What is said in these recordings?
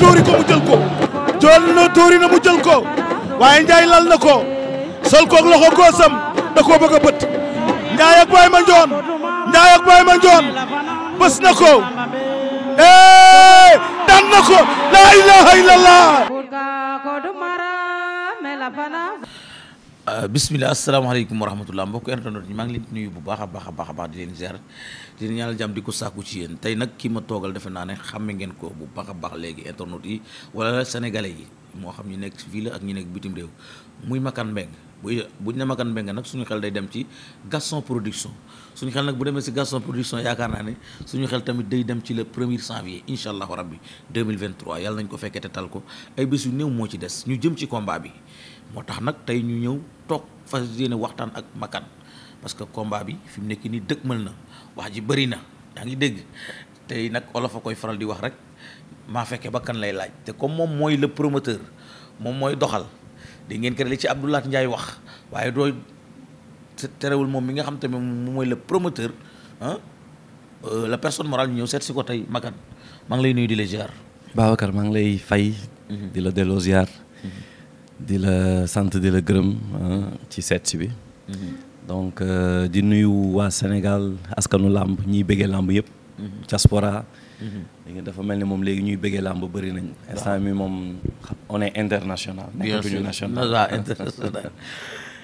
tuuri ko mu jël ko jël na tuuri na mu jël ko waaye Ndiaye lal na ko sol koog loxo góosam da koo bëgg a bët Ndiaye ak Baye Mandione Ndiaye ak Baye Mandione bës na ko eh daan na ko la ilaha illallah Euh, bisimilah asalaamaaleykum wa rahmatulah mbokk internet ñi maa ngi leen nuyu bu baax a baax a baax a baax di leen ziar di leen ñaanal jàmm di ko sàkku ci yéen tey nag kii ma toogal defe naa ne xàmme ngeen ko bu baax a baax léegi internet yi wala sénégalais yi moo xam ñu nekk fii la ak ñu nekk bitim réew muy Makan Mbengue bu buñ ne Makan Mbengue nag suñu xel day dem ci Gaston Production suñu xel nag bu demee si Gaston Production yaakaar naa ne suñu xel tamit day dem ci le premier janvier incha allahu rabbi 2023 yàlla nañ ko fekkee te ko ay bés yu néew moo ci des ñu jëm ci combat bi moo tax nag tey ñu ñëw toog fas yéene waxtaan ak Makane parce que combat bi fi mu nekk nii dëgmal na wax ji bëri na yaa ngi dégg tey nag olof a koy faral di wax rek maa fekkee bakkan lay laaj te comme moom mooy le promoteur moom mooy doxal di ngeen ko li ci Abdoulaye Ndiaye wax waaye dooy terewul moom mi nga xam tamit moom mooy le promoteur ah la personne morale ñu ñëw seet si ko tey Makane maa ngi lay nuyu di la ziar. Babacar maa ngi lay fay. Mhm. di la delloo ziar. Mhm. di la sant di la gërëm ah, ci seet si bi donc euh, di nuyu waa Sénégal askanu làmb ñiy bëggee làmb yëpp mhm. diaspora mhm. léegi dafa mel ni moom léegi ñuy bëggee làmb bëri nañ instant moom on est international nekkatuñu national waaw ah, international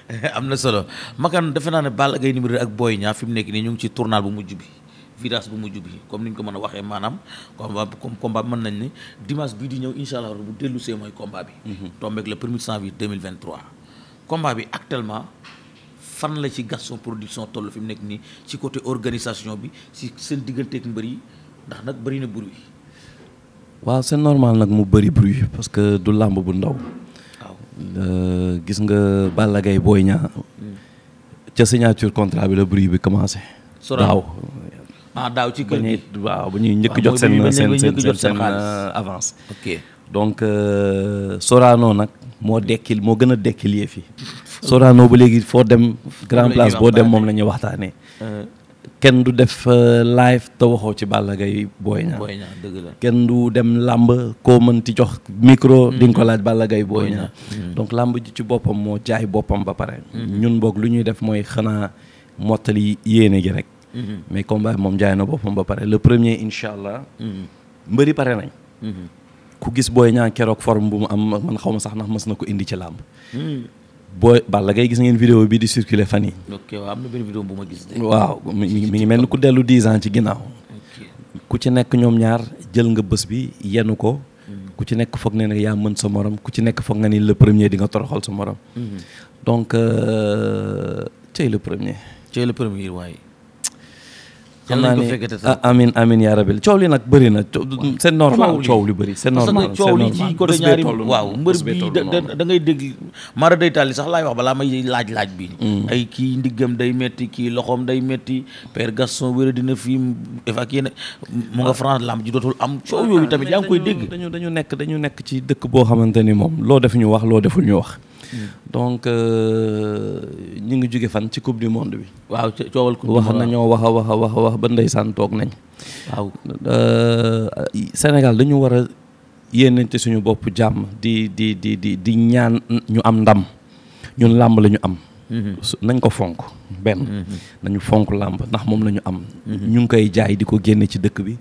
am na solo makan defe naa ne Balla Gaye numéro ak booy Niang fi mu nekk nii ñu ngi ci tournal bu mujj bi virage bu mujj bi comme ni ñu ko mën a waxee maanaam combat combat mën nañ ne dimanche bii di ñëw incha allah bu dellu see mooy combat bi. Mhm. tombeeg le premier janvier 2023. combat bi actuellement fan la ci Gaston Production toll fi mu nekk nii ci côté organisation bi si seen digganteeg mbër yi ndax nag bëri na bruit. waaw c'est normal nag mu bëri bruit parce que du làmb bu ndaw. waaw euh, gis nga Balla Gaye Boy Niang mm. ca signature contrat bi la bruit bi commencé. daaw ah daaw ci kër gi waaw bu ñuy njëkk jot seen seen seen euh, euh, avance ok donc euh, soraano nag moo dekkil moo gën a dekkil yëf yi Sorano ba léegi foo dem grand place boo dem moom la ñuy waxtaanee kenn du def live te waxoo ci bàll Gaye Boy Niang la kenn du dem làmb koo mën ti jox micro hmm. di nga ko laaj Balla Gaye Boy hmm. donc làmb ji ci boppam moo jaay boppam ba pare hmm. ñun boog lu ñuy def mooy xanaa mottali yéene gi rek Mm-hmm. mais combat moom jaay na boppam ba pare le premier incha allah. Mm-hmm. mbëri pare nañ. Mm-hmm. ku gis booy ñaan keroog forme bu mu am man xaw ma sax ndax mës na ko indi ci làmb. booy Balla Gaye gis ngeen vidéo bi di circuler fan yi. ok waaw am na benn bu ma gis de. waaw mi ngi mel ni ku dellu 10 ans ci ginnaaw. ku ci nekk ñoom ñaar jël nga bës bi yenu ko. ku ci nekk foog ne ne yaa mën sa morom ku ci nekk foog nga nii le premier di nga toroxal sa morom. donc cey euh, le premier. cey le premier waaye. xam naa ni amin amin yaa rabil coow li nag bëri na c'est normal coow li bëri c'est normal coow li ci côté ñaari waaw mbër bi da ngay dégg mara day tàlli sax laay wax balaa may laaj laaj bi mm. ay kii ndiggam day metti kii loxoom day metti père Gaston wéra dina fii évacué na mu nga France lamb ji dootul am coow yooyu tamit yaa ngi koy dégg dañu dañu nekk dañu nekk ci dëkk boo xamante ni moom loo def ñu wax loo deful ñu wax Mm. donc euh, ñu ngi jóge fan ci coupe du monde bi. waaw coowal coupe wax nañoo wax a wax a wax wax ba ndeysaan toog nañ. waaw euh, Sénégal dañu war a yéenante suñu bopp jàmm di di di di di ñaan ñu am ndam ñun làmb la ñu am. Mm-hmm. nañ ko fonk benn. Mm-hmm. nañu fonk làmb ndax moom la ñu am. Mm-hmm. ñu ngi koy jaay di ko génne ci dëkk bi.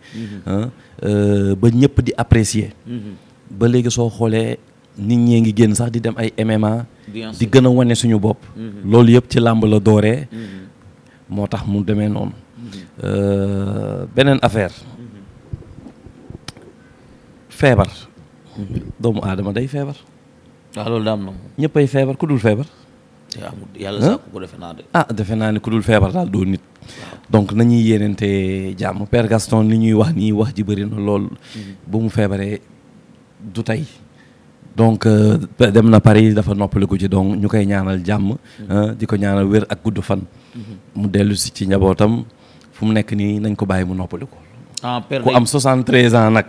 Ah, euh, ba ñëpp di apprécier. ba léegi soo xoolee. nit ñee ngi génn sax di dem ay MMA. di gën a wane suñu bopp. Mm-hmm. loolu yëpp ci làmb la dooree. Mm-hmm. moo tax mu demee noonu. Mm-hmm. Euh, beneen affaire. feebar. doomu aadama day feebar. waaw ah, loolu daam na ñëppay feebar ku dul feebar. yàlla ko defe naa ah defe naa ne ku dul feebar daal doo nit. donc nañuy yéeneente jàmm Père Gaston li ñuy wax nii wax ji bëri na lool. ba mu feebaree du tey. donc euh, dem na Paris dafa noppaliku ci donc ñu koy ñaanal jàmm. Mm-hmm. di ko ñaanal wér ak gudd fan. Mm-hmm. mu dellu si ci njabootam fu mu nekk nii nañ ko bàyyi mu noppaliku. ah ku am 73 ans nag.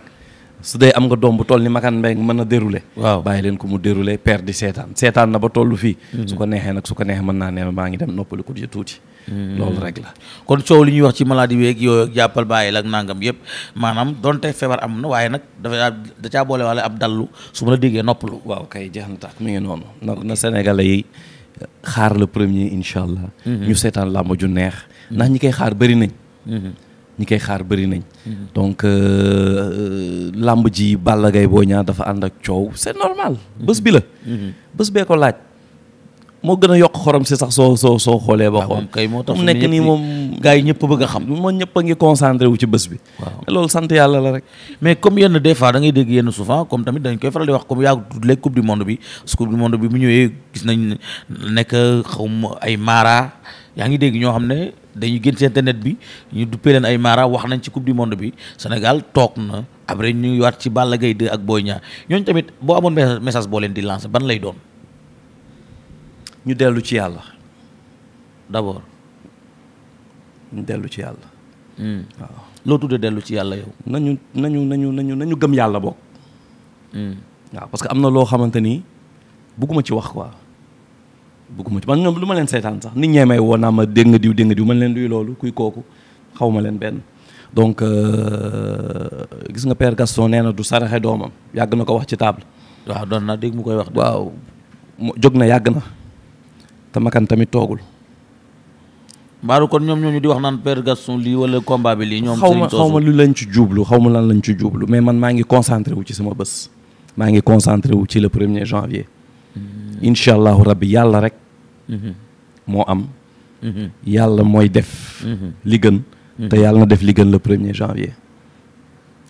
su dee am nga doom bu toll ni Makan Mbengue mën a dérouler waaw bàyyi leen ko mu dérouler père di seetaan seetaan na ba toll fii mm-hmm. su ko neexee nag su ko neexee mën naa ne maa ngi dem noppali ko ji tuuti mm-hmm. loolu rek kon coow li ñuy wax ci maladie weeg yooyu jàppal bàyyi la ak nangam yëpp maanaam donte feebar am na waaye nag dafa da caa boole wala ab dallu su ma la déggee noppalu waaw kay jeex na tax mi ngi noonu donc na Sénégalais yi xaar le premier incha allah mm-hmm. ñu seetaan làmb ju neex ndax ñi koy xaar bari nañ ñi koy xaar bëri nañ. Mhm. donc euh, euh, lamb ji Balla Gaye boo ñaar dafa ànd ak coow c'est normal. Mhm. bas bi la. Mhm. bas bee ko laaj. moo gën a yokk xorom si sax soo soo soo xoolee ba ah, xool kay moo tax mu nekk nii moom gars yi ñëpp bëgg a xam moom ñëpp a ngi concentré wu ci bés bi waaw loolu sant yàlla la rek mais comme yenn des fois da ngay dégg yenn souvent comme tamit dañ koy faral di wax comme yaa léegi coupe du monde bi su coupe du monde bi mu ñëwee gis nañ nekk ay mara yaa ngi dégg ñoo xam ne dañuy génn ci internet bi ñu duppee leen ay mara wax nañ ci coupe du monde bi Sénégal toog na après ñu waat ci Balla Gaye 2 ak Boy Niang ñooñ tamit boo amoon message boo leen di lancer ban lay doon. ñu dellu ci yàlla. d'abord. ñu dellu ci yàlla. Hmm. waaw loo tuddee dellu ci yàlla yow. nañu nañu nañu nañu gëm yàlla bokk. Hmm. waaw parce que am na loo xamante ni bugguma ci wax quoi. bëgguma ci man ñoom lu ma leen seetaan sax nit ñee may woo naa ma dégg nga diw dégg nga diw man leen duy loolu kuy kooku xawma leen benn donc euh, gis nga père Gaston nee na du saraxe doomam yàgg na ko wax ci table. waaw doon naa dégg mu koy wax. waaw jóg na yàgg na te makan tamit toogul. mbaaru kon ñoom ñooñu di wax naan père Gaston lii wala combat bi lii. ñoom xaw ma xaw ma lu lañ ci jublu xaw ma lan lañ ci jublu mais man maa ngi concentré wu ci sama bës maa ngi concentré wu ci le premier janvier. Hmm. incha allahu rabbi yàlla rek mhm. moo am mhm. yàlla mooy def mhm. li te yàlla na def li gën le premier janvier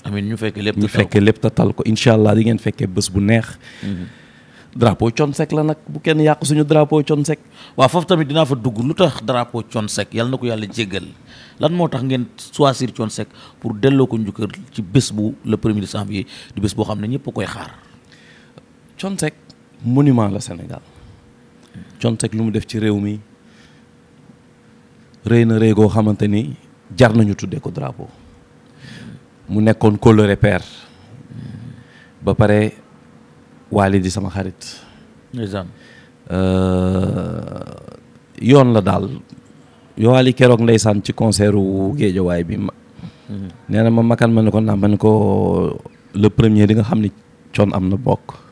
amin ñu fekkee lépp ñu fekkee lépp te ko incha allah di ngeen fekkee bés bu neex drapeau consec la nag bu kenn yàq suñu drapeau consec waa foofu tamit dinaa fa dugg lu tax drapeau consec yàlla na ko yàlla jéggal lan moo tax ngeen choisir consec pour delloo ko njukkal ci bés bu le premier janvier di bés boo xam ne ñëpp a koy xaar monument la Sénégal Thione lu mu def ci réew mi rëy na rëy xamante ni jar nañu tuddee ko drapeau mu nekkoon coloré père ba pare waali di sama xarit euh, yoon la daal yow yowaali keroog ndeysaan ci concert wu géejawaay bi ma mhm. nee na ma makan ma ne ko naa ma ne ko le premier di nga xam ni Thione am na bokk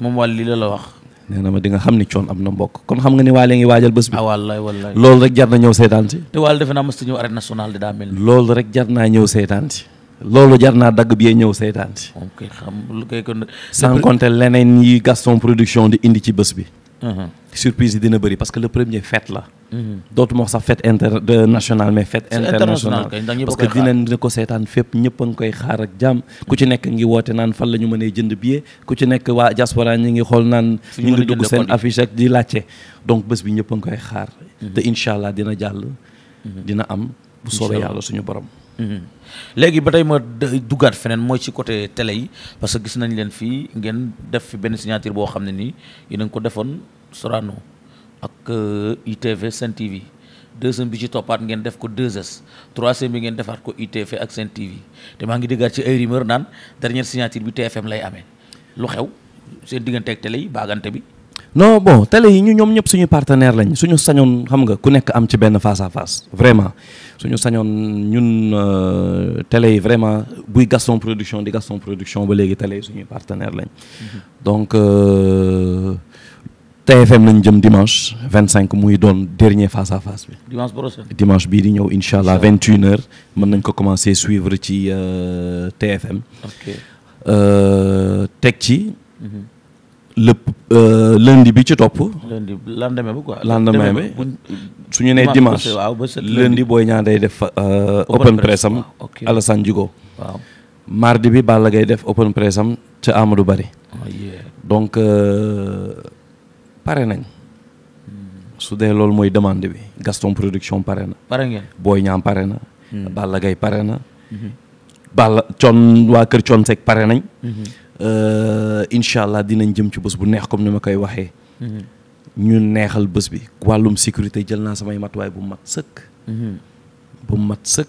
moom wàll lii la la wax. nee na ma di xam ni coon am na mbokk kon xam nga ni waa lee ngi waajal bés bi. ah wallaay wallaay loolu rek jar na ñëw seetaan si. te waal defe naa mosut ñëw arène nationale de daa mel ni. loolu rek jar naa ñëw seetaan si. loolu jar naa dagg bi ñëw seetaan si. ok lu koy kon. sans compter leneen yi Gaston production di indi ci bés bi. Mm-hmm. surprise yi dina bëri parce que le premier fête la. Mm-hmm. dootuma wax sax fête internationale mais fête internationale parce que dinañ dina ko seetaan fépp ñëpp a koy xaar ak jàmm ku ci nekk ngi woote naan fan la ñu mënee jënd billet ku ci nekk waa diaspora ñi ngi xool naan ñu ngi dugg seen affiche ak di laajte donc bés bi ñëpp a koy xaar mm-hmm. te incha allah dina jàll dina am bu soobee yàlla suñu borom Mhm. léegi ba tey ma duggaat feneen mooy ci côté télé yi parce que gis nañ leen fii ngeen def fi benn signature boo xam ne nii yéen a ko defoon Sorano ak euh, ITV Sen TV deuxième bi ci toppaat ngeen def ko 2 trois troisième bi ngeen defaat ko ITV ak Sen TV te maa ngi déggaat ci ay rumeur naan dernière signature bi TFM lay amee lu xew seen diggante ak télé yi bagante bi. non bon télé yi ñu ñoom ñëpp suñu partenaire lañ suñu sañoon xam nga ku nekk am ci benn face à face vraiment suñu sañoon ñun euh, télé yi vraiment buy Gaston production di Gaston production ba léegi télé yi suñuy partenaire lañ mhm. donc euh, TFM lañ jëm dimanche cinq muy doon dernier face à face bi. dimanche prochain dimanche bii di ñëw incha allah 21 heures mën nañ ko commencer suivre ci euh, TFM. ok teg ci. Mhm. le euh, lundi bi ci topp. lundi lendemain bi quoi. lendemain su ñu nee dimanche waaw booy ñaan day def. Euh, open press am Alassane Djigo mardi bi Balla gay def open press am ca Amadou Bari. Oh, donc euh, pare nañ. Hmm. su dee loolu mooy demande bi Gaston production pare na. pare ngeen booy ñaam pare na. Hmm. Balla Gaye pare na. Hmm. Balla coon waa kër coon pare nañ. Euh, incha allah dinañ jëm ci bës bu neex comme ni ma koy waxee. Mm-hmm. ñu neexal bés bi wàllum sécurité jël naa samay matuwaay bu mat sëkk. Mm-hmm. bu mat sëkk.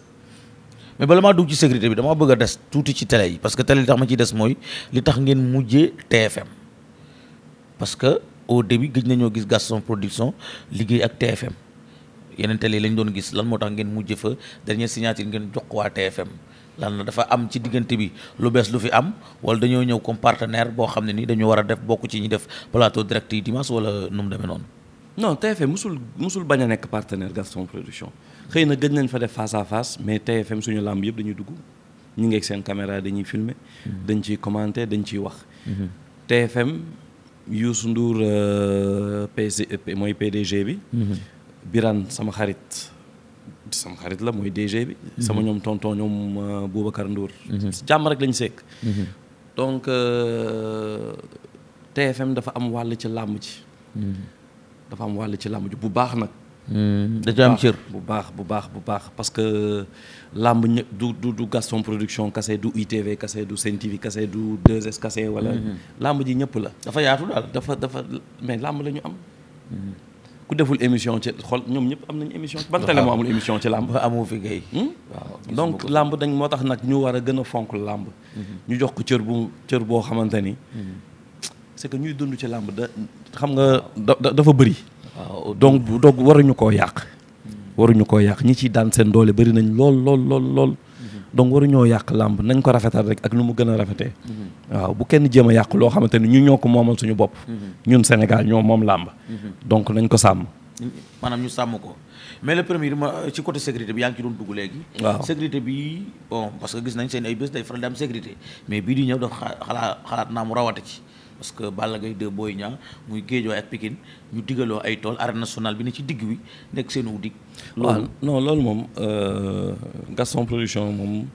mais bala maa dugg ci sécurité bi dama bëgg des tuuti ci télé yi parce que télé li tax ma ci des mooy li tax ngeen mujje TFM parce que au début gëj nañoo gis Gaston Production liggéey ak TFM yeneen télé lañ doon gis lan moo tax ngeen mujjee fa dernière signature ngeen jox ko waa TFM. lan la dafa am ci diggante bi lu bees lu fi am wala dañoo ñëw comme partenaire boo xam ne nii dañu war a def bokk ci ñi def plateau direct yi dimanche wala nu mu demee noonu. non TFM musul musul bañ a nekk partenaire Gaston Production xëy na gën nañ fa def face à face mais TFM suñu làmb yëpp dañu dugg ñu ngi seen caméra dañuy filmer dañ ciy commenter dañ ciy wax. TFM mhm. Youssou Ndour euh, PC mooy PDG bi. Mhm. Birane sama xarit. sama xarit la mooy DG bi. Mhm. sama ñoom tonton ñoom euh, Boubacar Ndour. Mhm. jàmm rek lañu sekk. Mhm. donc euh, TFM dafa am wàll ci làmb ji. dafa am wàll ci làmb bu baax nag. da ci am cër bu baax bu baax bu baax parce que euh, làmb ñë du du du Gaston production kase du ITV kase du Sen TV kase du 2S kase wala. làmb ji ñëpp la. dafa yaatu daal dafa dafa mais làmb la am. ku deful émission ci xol ñoom ñëpp am nañu émission ban télé moo amul émission ci làmb amu fi gay hmm? donc làmb dañ moo tax nag ñu war a gën a fonk làmb mhm. ñu jox ko cër bu cër boo xamante ni mhm. c'est que ñuy dund ci làmb da xam nga dafa bëri waaw donc donc waruñu koo yàq mhm. waruñu koo yàq ñi ciy daan seen doole bari nañ lool lool lool lool donc waruñoo yàq làmb nañ ko rafetal rek ak lu mu gën rafetee. Mm-hmm. waaw bu kenn jéem a yàq loo xamante ni ñu ñoo ko moomal suñu bopp. Mm-hmm. ñun Sénégal ñoo moom làmb. Mm-hmm. donc nañ ko sàmm. maanaam ñu sàmm ko mais le premier ma euh, ci côté sécurité bi yaa ngi ci doon dugg léegi. waaw sécurité bi bon parce que gis nañ seen ay bés day faral di am sécurité mais bii di ñëw dafa xalaat xalaat naa mu rawate ci. parce que Balla Gaye 2 Boy Niang muy Guédiawaye ak Pikine ñu digaloo ay tool arène nationale bi ni ci digg wi nekk seen wu digg. loolu non loolu moom euh, Gaston production moom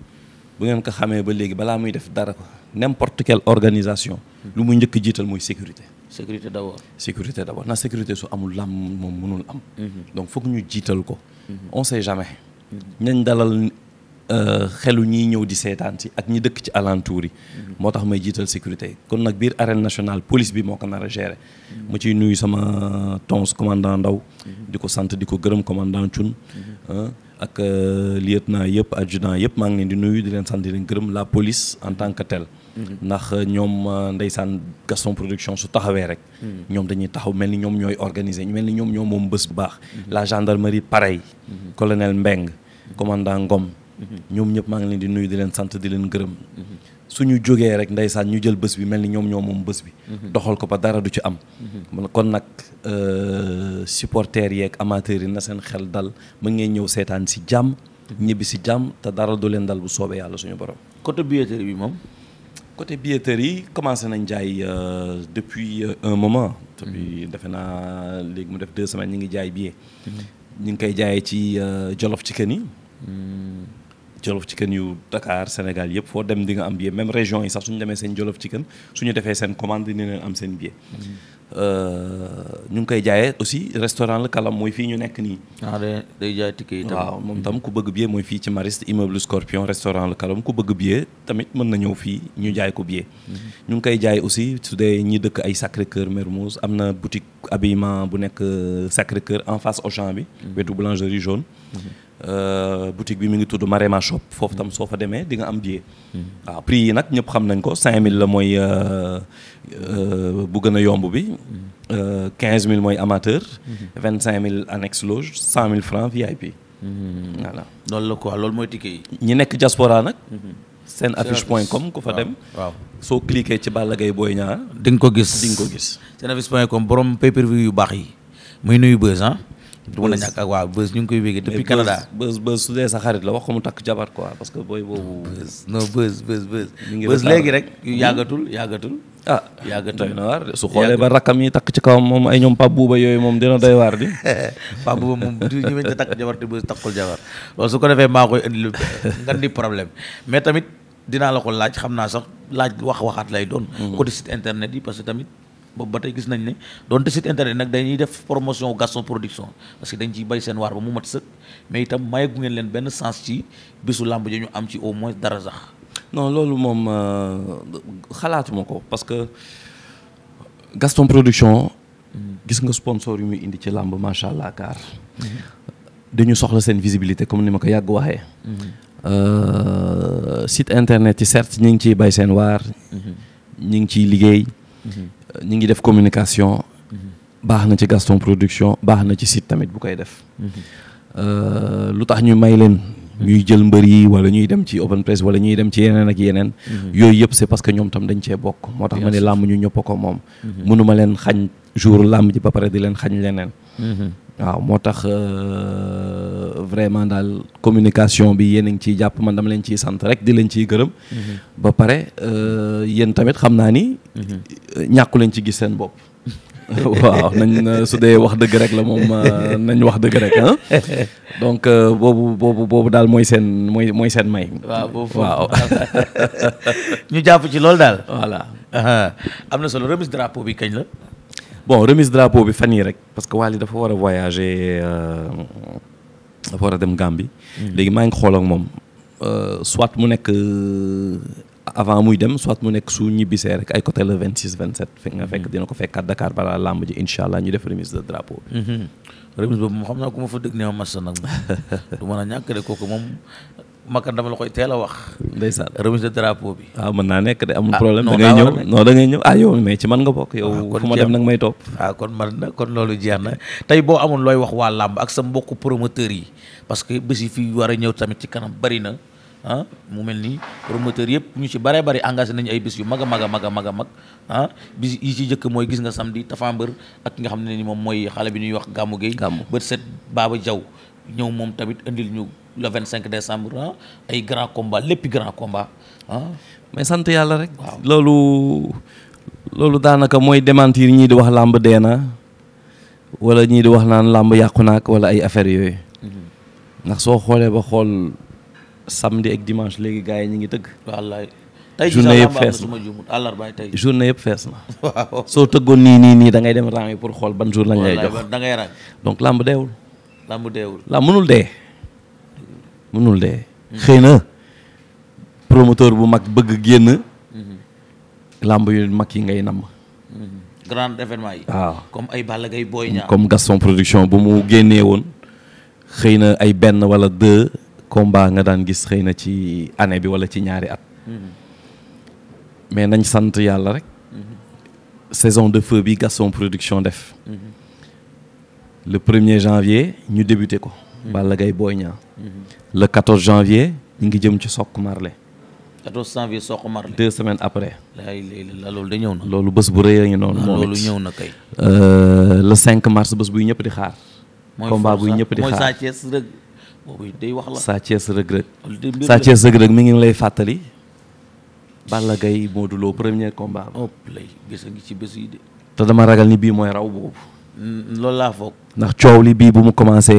bu ngeen ko xamee ba léegi balaa muy def dara ko n'importe quelle organisation. lu mu njëkk jiital mooy sécurité. sécurité d'abord sécurité d'abord na sécurité su amul làmm moom mënul am. Mhm. donc foog ñu jiital ko. Mhm. on sait jamais. ñañ dalal xelu ñiy ñëw di seetaan si ak ñi dëkk ci alentour yi. Mm-hmm. moo tax may jiital sécurité kon nag biir arène nationale police bi moo ko nar a gérer. Mm-hmm. mu nuyu sama tons commandant Ndaw mm-hmm. di ko sant di ko gërëm commandant Thioune. Ah ak euh, lieutenant yëpp adjudant yëpp maa ngi leen di nuyu di leen sant di leen gërëm la police en tant que telle. ndax euh, ñoom euh, ndeysaan Gaston production su taxawee rek. ñoom dañuy taxaw mel ni ñoom ñooy organiser mel ni ñoom ñoom moom bés bu baax. la gendarmerie pareil. colonel Mbeng commandant ñoom ñëpp maa ngi leen di nuyu di leen sant di leen gërëm suñu jógee rek saan ñu jël bés bi mel ni ñoom ñoo moom bés bi doxal ko ba dara du ci am kon nag euh, supporters yeeg amateurs yi na seen xel dal mën ngeen ñëw seetaan si jàmm ñibbi si jàmm te dara du leen dal bu soobee yàlla suñu borom côté billetterie bi moom côté billetterie yi commencé nañ jaay euh, depuis euh, un moment depuis defe naa léegi mu def deux semaines ñu ngi jaay billet ñu ngi koy jaayee ci Jolof Chicken yi jolof chicken yu Dakar Sénégal yëpp foo dem di nga am billet même région yi sax suñu demee seen jolof chicken suñu defee seen commande ni leen am seen billet. Euh, ñu ngi koy jaayee aussi restaurant la kalam mooy fii ñu nekk nii. ah day jaay ticket yi tam. moom tam mhm. ku bëgg billet mooy fii ci Mariste immeuble Scorpion restaurant la kalam ku bëgg billet tamit mën na ñëw fii ñu jaay ko billet. Mhm. ñu ngi koy jaay aussi su dee ñi dëkk ay Sacré Cœur Mermoz am na boutique habillement bu nekk euh, Sacré Cœur en face Auchan bi. Mhm. wetu boulangerie jaune. Euh, boutique bi mi ngi tudd Marema shop foofu tam soo fa demee di nga am billet. waaw prix yi nag ñëpp xam nañ ko 5000 la mooy euh, euh, bu gën a yomb bi. 15000 mm-hmm. mooy amateur. Mm-hmm. cinq mille annexe loge mille francs VIP. Mm-hmm. voilà loolu la quoi loolu mooy ticket yi. ñi nekk diaspora nag. seen affiche point comme ku fa dem. waaw soo cliquer ci Balla Gaye booy ñaar di ko gis di ko gis. seen affiche point com borom pay yu baax yi muy nuyu bës du mën a ñàkk ak waaw bës ñu ngi koy wéggee depuis Canada bës bës su dee sa xarit la wax ko mu takk jabar quoi parce que booy boobu bës non bës bës bës bës léegi rek hmm? yàggatul yàggatul ah yàggatul na su xoolee ba rakkam yi takk ci kawam moom ay ñoom Pape Bouba yooyu moom dina doy waar di Pape Bouba moom du ñu ta takk jabar su ko defee maa koy indi nga di problème mais tamit dinaa la ko laaj xam naa sax laaj wax waxaat lay doon côté hmm. sit internet yi parce que tamit boobu ba tey gis nañ ne donte site internet nag dañuy def promotion Gaston production parce que dañ ciy bay seen waar ba mu mat sëkk mais itam mayagu ngeen leen benn sens ci bisu làmb ja ñu am ci au moins dara sax. non loolu moom euh, xalaatuma ko parce que Gaston production. gis nga sponsor yu muy indi ci làmb macha allah kaar. Mm-hmm. dañu soxla seen visibilité comme ni ma ko yàgg waxee. Mm-hmm. Euh, site internet yi certes ñu ngi ciy bay seen waar. Mm-hmm. ñu ngi ciy liggéey. ñi ngi def communication baax na ci Gaston production baax na ci site tamit bu koy def euh, lu tax ñu may leen ñuy jël mbër yi wala ñuy dem ci open press wala ñuy dem ci yeneen ak yeneen mhm. yooyu yëpp c'est parce que ñoom tam dañ cee bokk moo tax ma ne làmb ñu ñëpp ko moom mhm. mënuma leen xañ jour làmb ji ba pare di leen xañ leneen mhm. waaw moo tax euh, vraiment daal communication bi yéen a ngi ciy jàpp man dama leen ciy sant rek di leen ciy gërëm. Mhm. ba pare euh, yéen tamit xam naa ni. Mhm. ñàkku leen ci gis seen bopp. waaw nañ su dee wax dëgg rek la moom euh, nañ wax dëgg rek ah donc boobu boobu boobu daal mooy seen mooy mooy seen may. waaw boobu waaw. ñu jàpp ci loolu daal. voilà. am na solo remise drapeau bi kañ la. bon remise drapeau bi fan yii rek parce que Wally dafa war a voyager euh, dafa war a dem Gambie. Mm-hmm. léegi maa ngi xool ak moom euh, soit mu nekk euh, avant muy dem soit mu nekk su ñibbisee rek ay côté le 26 27. fekk nga fekk mm-hmm. dina ko fekkaat Dakar balaa làmb ji incha allah ñu def remise de drapeau bi. Mm-hmm. remise boobu moom xam naa ku ma fa dëgg ne ma massa nag du mën a ñàkk de kooku moom. makkan dama la koy teel a wax. ndeysaan remise de drapeau bi. waaw ah, mën naa nekk de amul ah, problème da ngay ñëw non da ngay ñëw ah yow mais ci man nga bokk. Ah, yow fu ma dem nag may topp. ah kon man na kon loolu jeex na tey boo amoon looy wax waa làmb ak sa mbokku promoteurs yi parce que bés yi fii war a ñëw tamit ci kanam bari na ah mu mel ni promoteur yëpp ñu ci baree bari engagé nañu ay bés yu mag a mag a mag a mag a mag ah bis yi ci njëkk mooy gis nga samedi Tapha Mbeur ak nga xam ne ni moom mooy xale bi ñuy wax Gamou Gueye bët set Baba Diaw ñëw moom tamit indil ñu le 25 décembre ah, ay grand combat léppi grand combat ah. mais sant yàlla rek. loolu loolu daanaka mooy démentir ñii di wax làmb dee na wala ñii di wax naan làmb yàqu naak wala ay affaires yooyu. Mm-hmm. ndax soo xoolee ba xool samedi ak dimanche léegi gars yi ñu ngi tëgg. wallaay tey journée yëpp fees na àllarbaay tey yëpp fees na. waaw soo tëggoon nii nii nii da ngay dem rang yi pour xool ban jour lañ lay jox. da ngay rang donc làmb deewul. làmb deewul làmb mënul dee mënul dee xëy na promoteur bu mag bëgg génn mhm. làmb yu mag yi ngay namm mhm. grand événement yi waaw ah. comme ay Balla Gaye Boy comme Gaston production bu mu génnee woon xëy na ay benn wala deux combat nga daan gis xëy na ci anne bi wala ci ñaari at mhm. mais nañ sant yàlla rek saison de feu bi Gaston production def le premier er janvier ñu débuté ko. Balla Gaye Boy Niang. le 14 janvier ñu ngi jëm ci Sokk Marle. 14 janvier Sokk Marle. deux après. la loolu da ñëw na. loolu bés bu rëy a ngi noonu. loolu ñëw na kay. Euh, le cinq mars bés buy ñëpp di xaar. mooy buy ñëpp di xaar mooy Sa Thiès Reug boobu day wax la. Sa Thiès Reug Sa Thiès mi ngi lay fàttali. Balla Gaye Modou Lo premier combat. Oh, ci bés te dama ragal ni bii mooy raw boobu. loolu laa foog. ndax coow li bii bu mu commencé.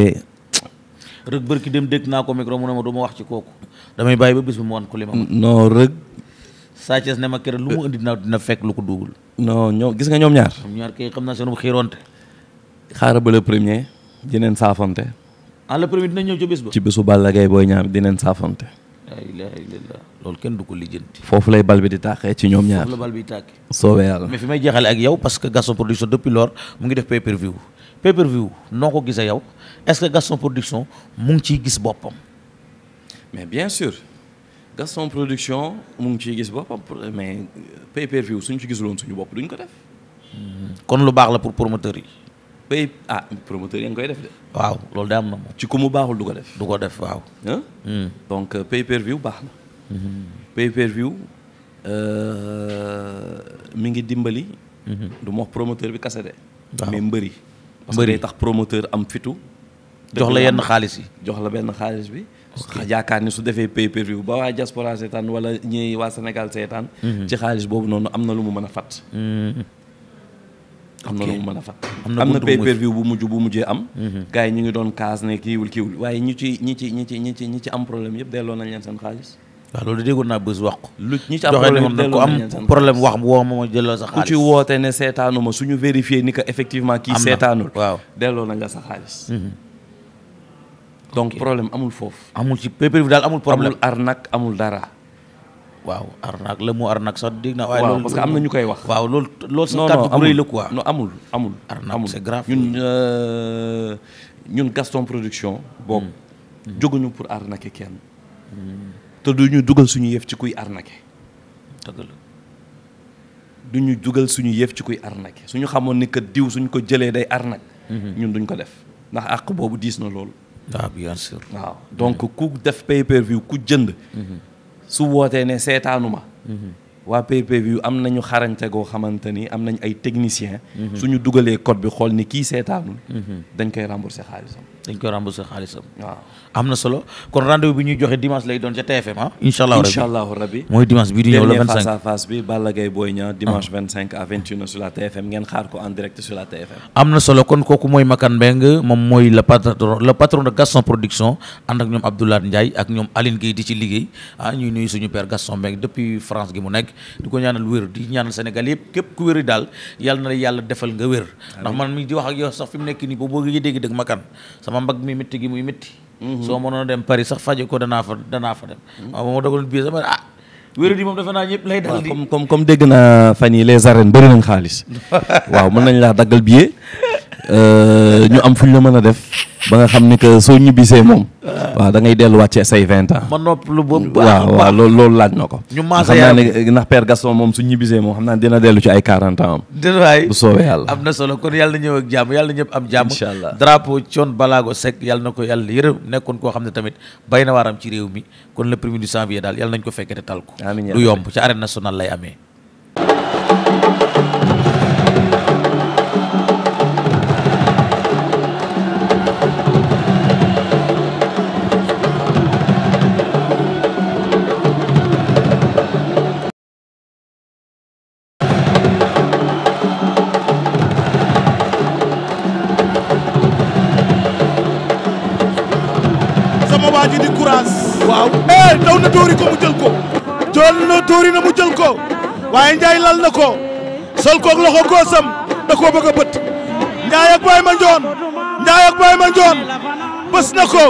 rëg bërki dem dégg naa ko micro mu ne ma du ma wax ci kooku damay bàyyi ba bis bi mu wan ko li ma. non rëg. Sa Thiès ne ma kere lu mu indi dina fekk lu ko duggul. non ñoom gis nga ñoom ñaar. ñoom ñaar kay xam naa seen xiironte. xaaral ba le premier. dineen saafante. ah le premier dina ñëw ci bis ba. ci bisu Balla Gaye booy ñaar dineen saafante. ilaha illallah loolu kenn du ko lijjanti foofu lay bal bi di tàqee ci ñoom ñaar foofu la bal bi mais fi may jeexale ak yow parce que Gaston Production depuis lors mu ngi def pay per view pay per view noo ko gisee yow est ce que Gaston Production mu ngi ciy gis boppam mais bien sûr Gaston Production mu ngi ciy gis boppam mais pay per view suñ ci gis gisuloon suñu bopp duñ ko def kon lu baax la pour promoteurs yi bay ah promoteur yi nga koy def de. waaw loolu daa am na moom. ci ku mu baaxul du ko def. du ko def waaw. Hmm. donc euh, pay per view baax na. Hmm. pay per view euh, mi ngi dimbali. lu hmm. ma promoteur bi kase de. mais mbëri. parce que tax promoteur am fitu. jox la yenn xaalis yi jox la benn xaalis bi. yaakaar ni su defee pay per ba waa diaspora seetaan wala ñii waa Sénégal seetaan. ci xaalis boobu noonu am na lu mu mën a fat am na lu mu mën a am na pay per view bu mujj bu mujjee am mhm. gars yi ñu ngi doon kaas ne kiiwul kiiwul waaye ñi ci ñi ci ñi ci ñi ci ñi ci am problème yëpp delloo nañ leen seen xaalis waaw loolu déggoon naa bés wax ko lu ñi ci am problème delloo nañ leen seen problème wax woo ma ma delloo sa xaalis ku ci woote ne seetaanuma suñu vérifier ni que effectivement kii seetaanul waaw delloo na la sa xaalis mhm. donc problème amul foofu amul ci pay daal amul problème amul arnaque amul dara waaw arnaque la mu arnaque sax dégg naa. waaye loolu parce que am na ñu koy wax. waaw loolu loolu sa kàddu bu rëy la quoi non amul amul. arnaque c'est grave ñun euh, ñun Gaston production. boobu hmm. jóguñu pour arnaquer kenn. te du ñu dugal suñu yëf ci kuy arnaquer. dëgg la du ñu dugal suñu yëf ci kuy arnaquer suñu xamoon ni que diw suñ ko jëlee day arnaque. Hmm. ñun duñ ko def ndax àq boobu diis na lool ah, waaw donc ku def pay view ku jënd. Hmm. su wootee ne seetaanuma mm-hmm. waa PPV am nañu xarañte goo xamante ni am nañ ay technicien mhm. ñu dugalee code bi xool ni kii seetaanul. Mhm. dañ koy rembourser xaalisam. dañ koy rembourser xaalisam. waaw am na solo kon rendez bi ñuy joxe dimanche lay doon ca TFM ah. incha allahu rabi incha allahu rabi. mooy dimanche bii di ñëw le 25 dernier face à face bi ah. la TFM ngeen xaar ko en direct sur la TFM. am na solo kon kooku mooy Makan Mbengue moom mooy le patron le Production ànd ak ñoom Abdoulaye Ndiaye ak ñoom Aline Gueye di ci liggéey ah ñuy suñu père Gaston Mbengue depuis France gi mu nekk. di ko ñaanal wér di ñaanal Sénégal yëpp képp ku wéri daal yàlla na la yàlla defal nga wér ndax man mi di wax ak yow sax fi mu nekk nii boo bëggee dégg dëgg makan sama mbag mi métti gi muy métti mhm. soo mënoon a dem Paris sax faje ko danaa fa danaa fa dem mhm. waaw moo dogaloon bii sama ah wéeru di moom defe naa ñëpp lay dal di comme comme dégg naa fan yi les arènes bëri nañ xaalis waaw mën laa daggal billet Euh, ñu am fu ñu la mën a def ba nga xam ni que soo ñibbisee moom. waaw da ngay delluwaat ci say vingt ans. ma noppalu ba bu waaw waaw loolu laaj na ko. ñu maasa xam naa ne ndax Père moom su ñibbisee moom xam naa dina dellu ci ay quarante ans am. dina bu soobee yàlla. am na solo kon yàlla na ñëw ak jàmm yàlla ñëpp am jàmm. incha allah drapeau Thione Balago Seck yàlla na ko yàlla yërëm nekkoon koo xam ne tamit bay na waaram ci réew mi kon le premier du janvier daal yàlla nañ ko fekkee te ko. amiin du yomb ci arène nationale lay ame waaye Ndiaye lal na ko sol koog loxo góosam da koo bëgg a bët Ndiaye ak Baye Mandione Ndiaye ak Baye Mandione bës na ko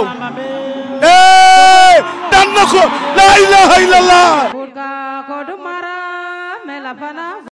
eh daan na ko la ilaha illallah